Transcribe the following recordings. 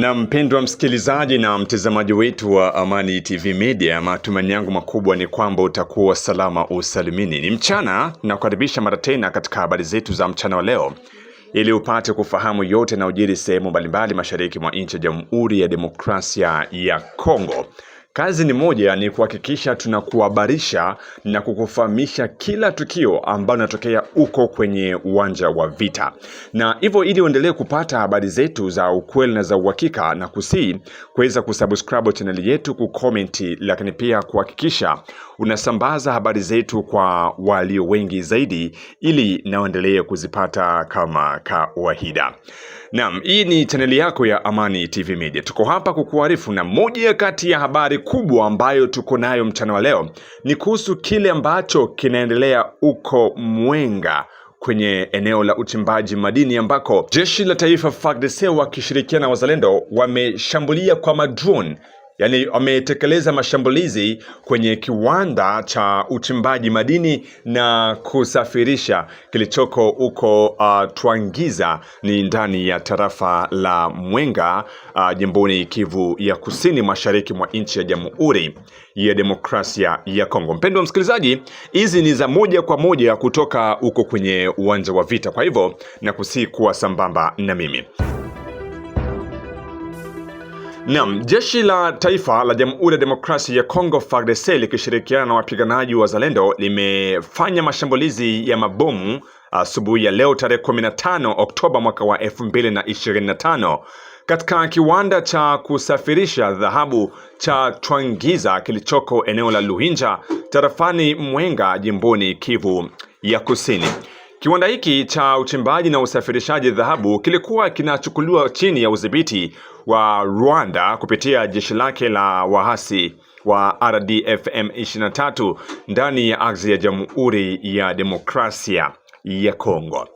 Na mpendwa msikilizaji na mtazamaji wetu wa Amani TV Media, matumaini yangu makubwa ni kwamba utakuwa salama usalimini. Ni mchana na kukaribisha mara tena katika habari zetu za mchana wa leo, ili upate kufahamu yote na ujiri sehemu mbalimbali mashariki mwa nchi ya Jamhuri ya Demokrasia ya Kongo. Kazi ni moja, ni kuhakikisha tunakuhabarisha na kukufahamisha kila tukio ambalo linatokea uko kwenye uwanja wa vita, na hivyo ili uendelee kupata habari zetu za ukweli na za uhakika, na kusii kuweza kusubscribe chaneli yetu, kukomenti, lakini pia kuhakikisha unasambaza habari zetu kwa walio wengi zaidi, ili naendelee kuzipata kama kawaida. Naam, hii ni chaneli yako ya Amani TV Media. Tuko hapa kukuarifu, na moja ya kati ya habari kubwa ambayo tuko nayo mchana wa leo ni kuhusu kile ambacho kinaendelea uko Mwenga kwenye eneo la uchimbaji madini ambako jeshi la taifa FARDC e wakishirikiana na wazalendo wameshambulia kwa madrone yani wametekeleza mashambulizi kwenye kiwanda cha uchimbaji madini na kusafirisha kilichoko huko uh, Twangiza ni ndani ya tarafa la Mwenga uh, jimboni Kivu ya Kusini mashariki mwa nchi ya Jamhuri ya Demokrasia ya Kongo. Mpendwa msikilizaji, hizi ni za moja kwa moja kutoka huko kwenye uwanja wa vita, kwa hivyo na kuwa sambamba na mimi. Naam, jeshi la taifa la Jamhuri ya Demokrasia ya Kongo FARDC likishirikiana na wapiganaji wa Zalendo limefanya mashambulizi ya mabomu asubuhi ya leo tarehe 15 Oktoba mwaka wa 2025 katika kiwanda cha kusafirisha dhahabu cha Twangiza kilichoko eneo la Luhinja tarafani Mwenga jimboni Kivu ya Kusini. Kiwanda hiki cha uchimbaji na usafirishaji dhahabu kilikuwa kinachukuliwa chini ya udhibiti wa Rwanda kupitia jeshi lake la wahasi wa RDF M23 ndani ya ardhi ya Jamhuri ya Demokrasia ya Kongo.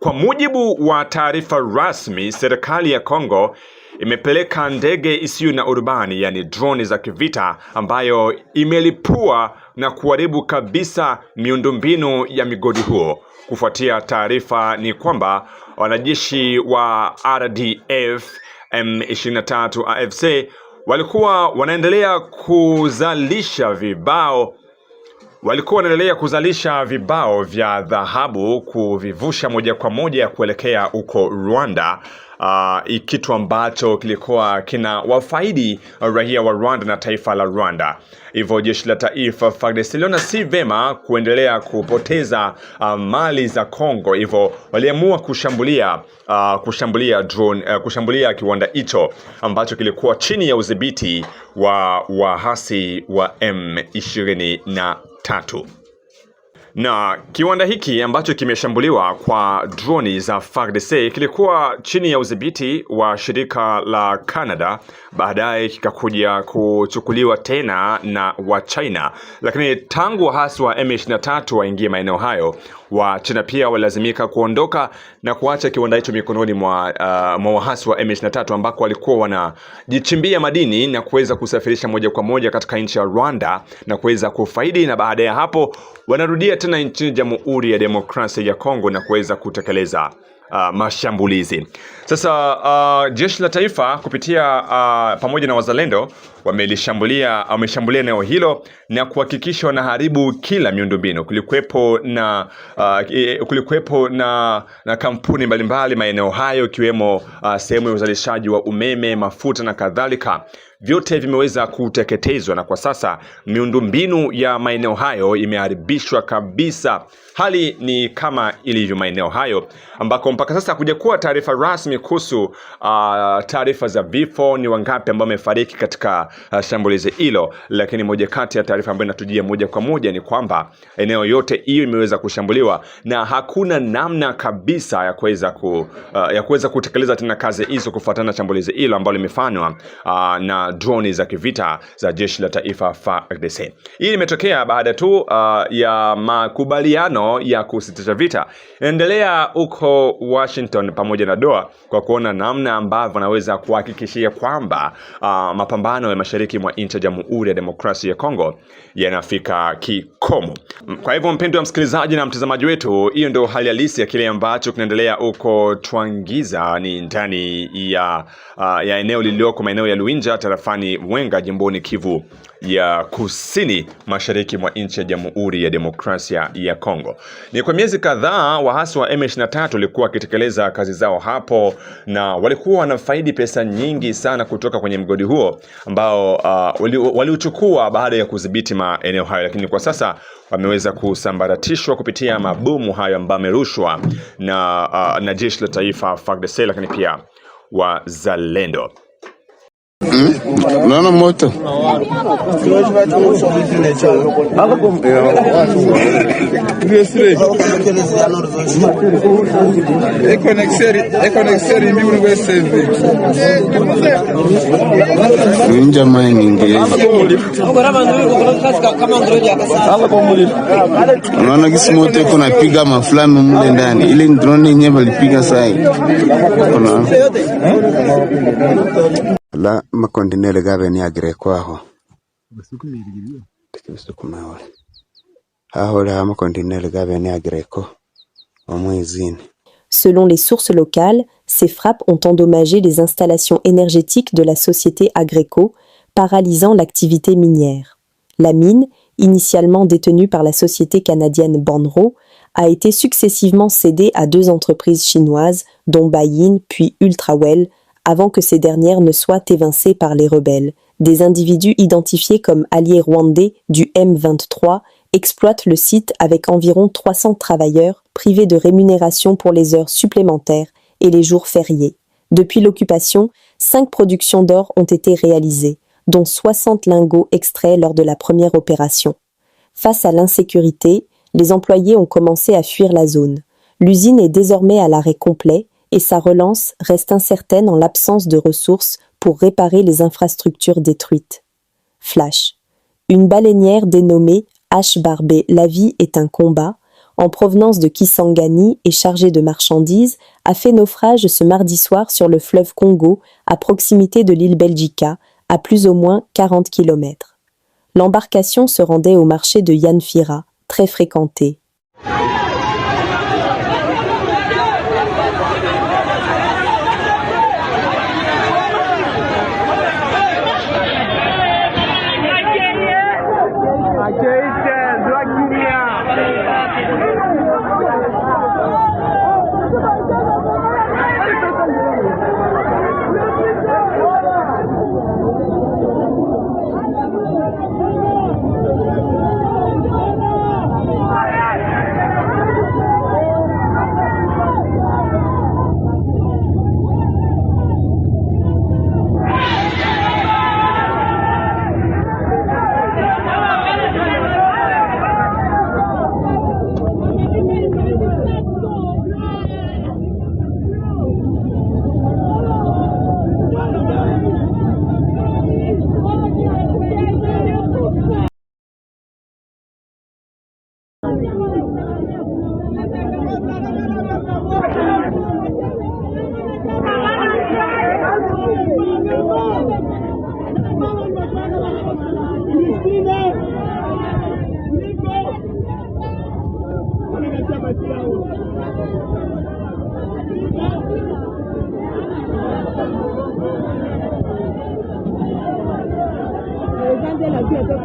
Kwa mujibu wa taarifa rasmi, serikali ya Kongo imepeleka ndege isiyo na urubani yaani droni za kivita ambayo imelipua na kuharibu kabisa miundombinu ya migodi huo. Kufuatia taarifa ni kwamba wanajeshi wa RDF M23 AFC walikuwa wanaendelea kuzalisha vibao walikuwa wanaendelea kuzalisha vibao vya dhahabu kuvivusha moja kwa moja kuelekea huko Rwanda. Uh, kitu ambacho kilikuwa kina wafaidi raia wa Rwanda na taifa la Rwanda. Hivyo jeshi la taifa FARDC liona si vema kuendelea kupoteza uh, mali za Kongo, hivyo waliamua kushambulia uh, kushambulia drone, uh, kushambulia kiwanda hicho ambacho kilikuwa chini ya udhibiti wa wahasi wa M23 tatu. Na kiwanda hiki ambacho kimeshambuliwa kwa droni za FARDC kilikuwa chini ya udhibiti wa shirika la Canada, baadaye kikakuja kuchukuliwa tena na wa China, lakini tangu waasi wa M23 waingie maeneo hayo wa China pia walilazimika kuondoka na kuacha kiwanda hicho mikononi mwa, uh, mwa waasi wa M23 ambako walikuwa wanajichimbia madini na kuweza kusafirisha moja kwa moja katika nchi ya Rwanda na kuweza kufaidi, na baada ya hapo wanarudia tena nchini Jamhuri ya Demokrasia ya Kongo na kuweza kutekeleza uh, mashambulizi. Sasa uh, jeshi la taifa kupitia uh, pamoja na wazalendo wamelishambulia wameshambulia eneo hilo na kuhakikisha wanaharibu kila miundombinu. Kulikuwepo na uh, kulikuwepo na, na kampuni mbalimbali maeneo hayo ikiwemo uh, sehemu ya uzalishaji wa umeme, mafuta na kadhalika vyote vimeweza kuteketezwa, na kwa sasa miundombinu ya maeneo hayo imeharibishwa kabisa. Hali ni kama ilivyo maeneo hayo ambako mpaka sasa kuja kuwa taarifa rasmi kuhusu uh, taarifa za vifo ni wangapi ambao wamefariki katika uh, shambulizi hilo, lakini moja kati ya taarifa ambayo inatujia moja kwa moja ni kwamba eneo yote hiyo imeweza kushambuliwa na hakuna namna kabisa ya kuweza ku, uh, ya kuweza kutekeleza tena kazi hizo kufuatana na shambulizi hilo ambalo limefanywa uh, na na droni za kivita za jeshi la taifa FARDC. E. Hii imetokea baada tu uh, ya makubaliano ya kusitisha vita inaendelea huko Washington pamoja na Doha kwa kuona namna ambavyo wanaweza kuhakikishia kwamba uh, mapambano ya mashariki mwa nchi ya Jamhuri ya Demokrasia ya Kongo yanafika kikomo. Kwa hivyo, wa msikilizaji na mtazamaji wetu, hiyo ndio hali halisi ya kile ambacho kinaendelea huko Twangiza, ni ndani ya, uh, ya eneo lililoko maeneo ya Luinja tarafani Mwenga jimboni Kivu ya Kusini mashariki mwa nchi ya Jamhuri ya Demokrasia ya Kongo. Ni kwa miezi kadhaa waasi wa M23 walikuwa wakitekeleza kazi zao hapo na walikuwa wanafaidi pesa nyingi sana kutoka kwenye mgodi huo ambao uh, waliuchukua baada ya kudhibiti maeneo hayo, lakini kwa sasa wameweza kusambaratishwa kupitia mabomu hayo ambayo amerushwa na, uh, na jeshi la taifa FARDC, lakini pia wazalendo. Unaona moto inja mai nyingi, unaona kisi moto iko napiga maflame mule ndani, ile drone yenyewe walipiga sai Selon les sources locales, ces frappes ont endommagé les installations énergétiques de la société Agreco, paralysant l'activité minière. La mine, initialement détenue par la société canadienne Banro, a été successivement cédée à deux entreprises chinoises, dont Bayin puis Ultrawell, avant que ces dernières ne soient évincées par les rebelles. Des individus identifiés comme alliés rwandais du M23 exploitent le site avec environ 300 travailleurs privés de rémunération pour les heures supplémentaires et les jours fériés. Depuis l'occupation, cinq productions d'or ont été réalisées, dont 60 lingots extraits lors de la première opération. Face à l'insécurité, les employés ont commencé à fuir la zone. L'usine est désormais à l'arrêt complet et sa relance reste incertaine en l'absence de ressources pour réparer les infrastructures détruites. Flash. Une baleinière dénommée H. Barbé La vie est un combat, en provenance de Kisangani et chargée de marchandises, a fait naufrage ce mardi soir sur le fleuve Congo, à proximité de l'île Belgica, à plus ou moins 40 km. L'embarcation se rendait au marché de Yanfira, très fréquenté. Nous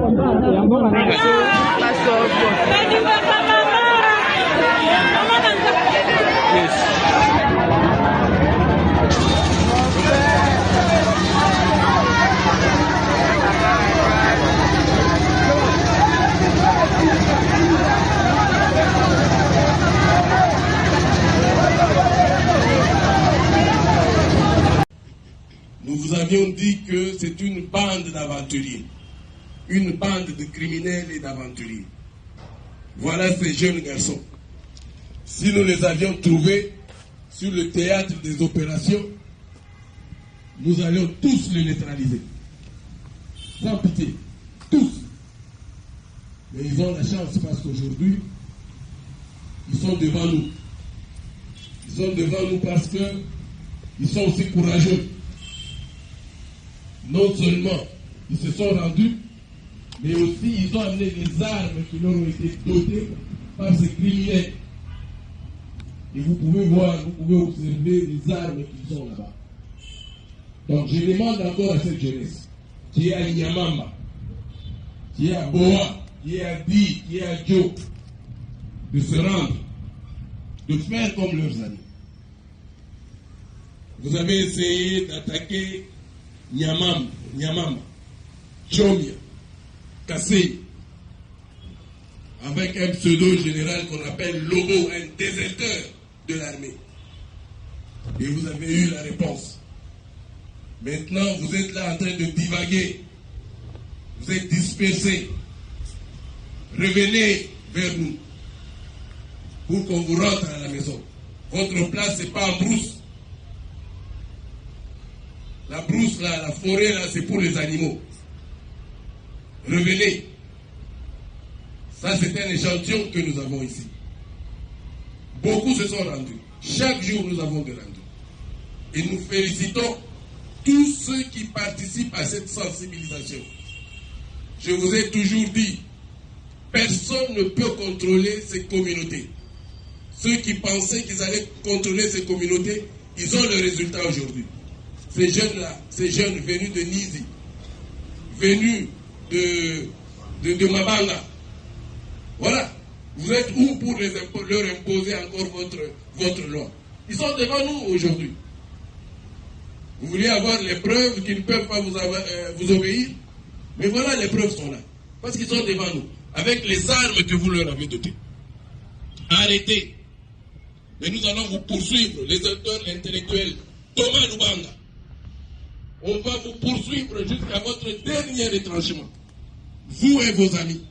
vous avions dit que c'est une bande d'aventuriers une bande de criminels et d'aventuriers. Voilà ces jeunes garçons. Si nous les avions trouvés sur le théâtre des opérations, nous allions tous les neutraliser. Sans pitié. Tous. Mais ils ont la chance parce qu'aujourd'hui, ils sont devant nous. Ils sont devant nous parce qu'ils sont aussi courageux. Non seulement ils se sont rendus, mais aussi ils ont amené les armes qui leur ont été dotées par ces criminels. Et vous pouvez voir, vous pouvez observer les armes qui sont là-bas. Donc je demande encore à cette jeunesse qui est à qui est à Boa, qui est à Di, qui est à Joe, de se rendre, de faire comme leurs amis. Vous avez essayé d'attaquer Nyamama, Nyamama, Chomia, cassé avec un pseudo-général qu'on appelle Lobo, un déserteur de l'armée. Et vous avez eu la réponse. Maintenant, vous êtes là en train de divaguer. Vous êtes dispersé Revenez vers nous pour qu'on vous rentre à la maison. Votre place, c'est pas en brousse. La brousse, là, la forêt, là, c'est pour les animaux. Revenez. Ça, c'est un échantillon que nous avons ici. Beaucoup se sont rendus. Chaque jour, nous avons des rendus. Et nous félicitons tous ceux qui participent à cette sensibilisation. Je vous ai toujours dit, personne ne peut contrôler ces communautés. Ceux qui pensaient qu'ils allaient contrôler ces communautés, ils ont le résultat aujourd'hui. Ces jeunes-là, ces jeunes venus de Nizi, venus de, de, Mabanga. Voilà. Vous êtes où pour les leur imposer encore votre, votre loi Ils sont devant nous aujourd'hui. Vous voulez avoir les preuves qu'ils ne peuvent pas euh, vous, obéir Mais voilà, les preuves sont là. Parce qu'ils sont devant nous. Avec les armes que vous leur avez dotées. Arrêtez. Mais nous allons vous poursuivre, les auteurs intellectuels. Thomas Lubanga. On va vous poursuivre jusqu'à votre dernier retranchement vous et vos amis.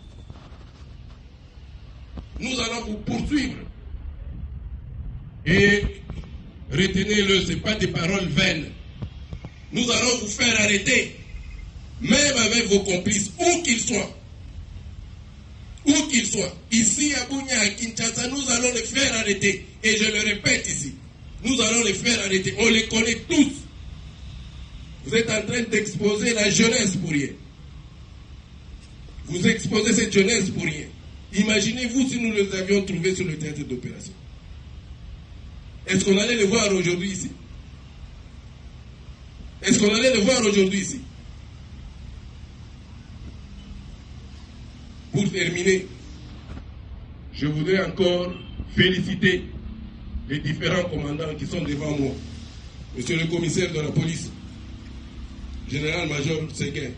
Nous allons vous poursuivre. Et retenez-le, ce pas des paroles vaines. Nous allons vous faire arrêter, même avec vos complices, où qu'ils soient. Où qu'ils soient. Ici à Bougna, à Kinshasa, nous allons les faire arrêter. Et je le répète ici, nous allons les faire arrêter. On les connaît tous. Vous êtes en train d'exposer la jeunesse pour vous exposez cette jeunesse pour rien. Imaginez-vous si nous les avions trouvés sur le théâtre d'opération. Est-ce qu'on allait les voir aujourd'hui ici Est-ce qu'on allait les voir aujourd'hui ici Pour terminer, je voudrais encore féliciter les différents commandants qui sont devant moi. Monsieur le commissaire de la police, général-major Seguin,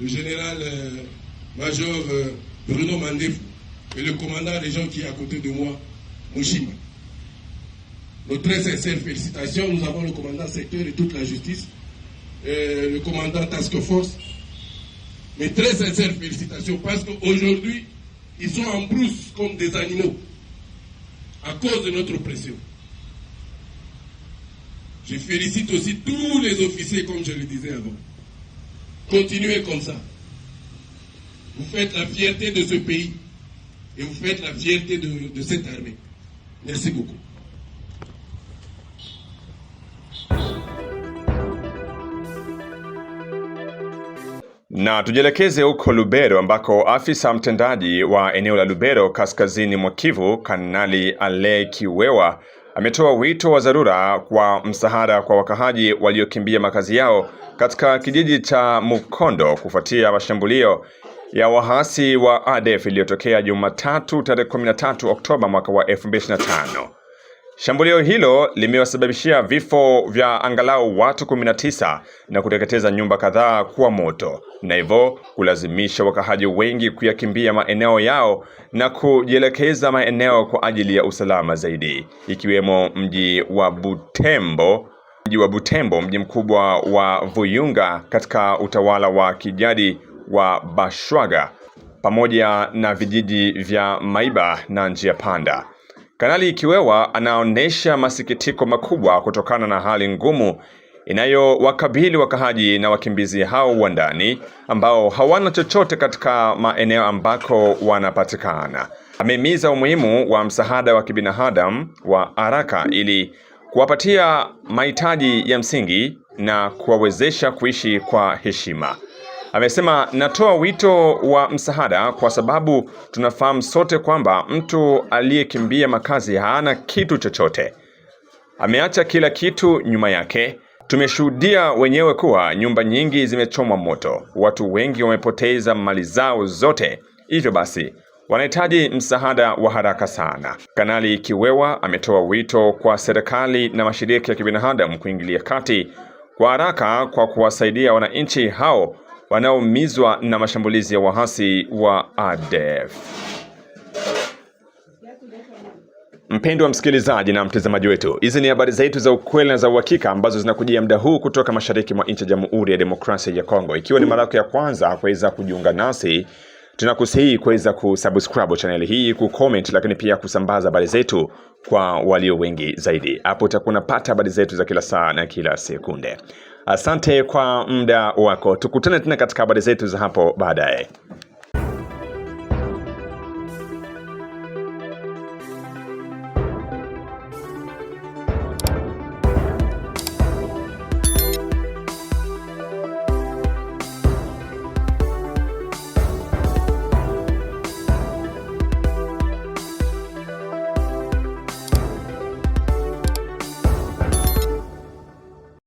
le général... Euh, Major euh, Bruno Mandefou et le commandant des gens qui est à côté de moi, Mouchima Nos très sincères félicitations. Nous avons le commandant secteur et toute la justice, euh, le commandant task force. Mes très sincères félicitations parce qu'aujourd'hui, ils sont en brousse comme des animaux à cause de notre pression. Je félicite aussi tous les officiers, comme je le disais avant. Continuez comme ça. Vous faites la fierté de ce pays et vous faites la fierté de, de cette armée. Merci beaucoup. Na tujielekeze huko Lubero ambako afisa mtendaji wa eneo la Lubero kaskazini mwa Kivu, Kanali Ale Kiwewa ametoa wito wa dharura kwa msaada kwa wakahaji waliokimbia makazi yao katika kijiji cha Mukondo kufuatia mashambulio ya waasi wa ADF iliyotokea Jumatatu tarehe 13 Oktoba mwaka wa 2025. Shambulio hilo limewasababishia vifo vya angalau watu 19 na kuteketeza nyumba kadhaa kwa moto na hivyo kulazimisha wakahaji wengi kuyakimbia maeneo yao na kujielekeza maeneo kwa ajili ya usalama zaidi, ikiwemo mji wa Butembo, mji wa Butembo, mji mkubwa wa Vuyunga katika utawala wa kijadi wa Bashwaga pamoja na vijiji vya Maiba na Njia Panda. Kanali Kiwewa anaonesha masikitiko makubwa kutokana na hali ngumu inayowakabili wakahaji na wakimbizi hao wa ndani ambao hawana chochote katika maeneo ambako wanapatikana. Amehimiza umuhimu wa msaada wa kibinadamu wa haraka ili kuwapatia mahitaji ya msingi na kuwawezesha kuishi kwa heshima. Amesema natoa wito wa msaada kwa sababu tunafahamu sote kwamba mtu aliyekimbia makazi hana kitu chochote. Ameacha kila kitu nyuma yake. Tumeshuhudia wenyewe kuwa nyumba nyingi zimechomwa moto, watu wengi wamepoteza mali zao zote. Hivyo basi wanahitaji msaada wa haraka sana. Kanali Kiwewa ametoa wito kwa serikali na mashirika ya kibinadamu kuingilia kati kwa haraka kwa kuwasaidia wananchi hao wanaoumizwa na mashambulizi ya waasi wa ADF. Mpendwa msikilizaji na mtazamaji wetu, hizi ni habari zetu za ukweli na za uhakika ambazo zinakujia muda huu kutoka mashariki mwa nchi ya Jamhuri ya Demokrasia ya Kongo. Ikiwa ni mara yako ya kwanza kuweza kujiunga nasi, tunakusihi kuweza kusubscribe channel hii, kucomment, lakini pia kusambaza habari zetu kwa walio wengi zaidi. Hapo utakuwa unapata habari zetu za kila saa na kila sekunde. Asante kwa muda wako, tukutane tena katika habari zetu za hapo baadaye.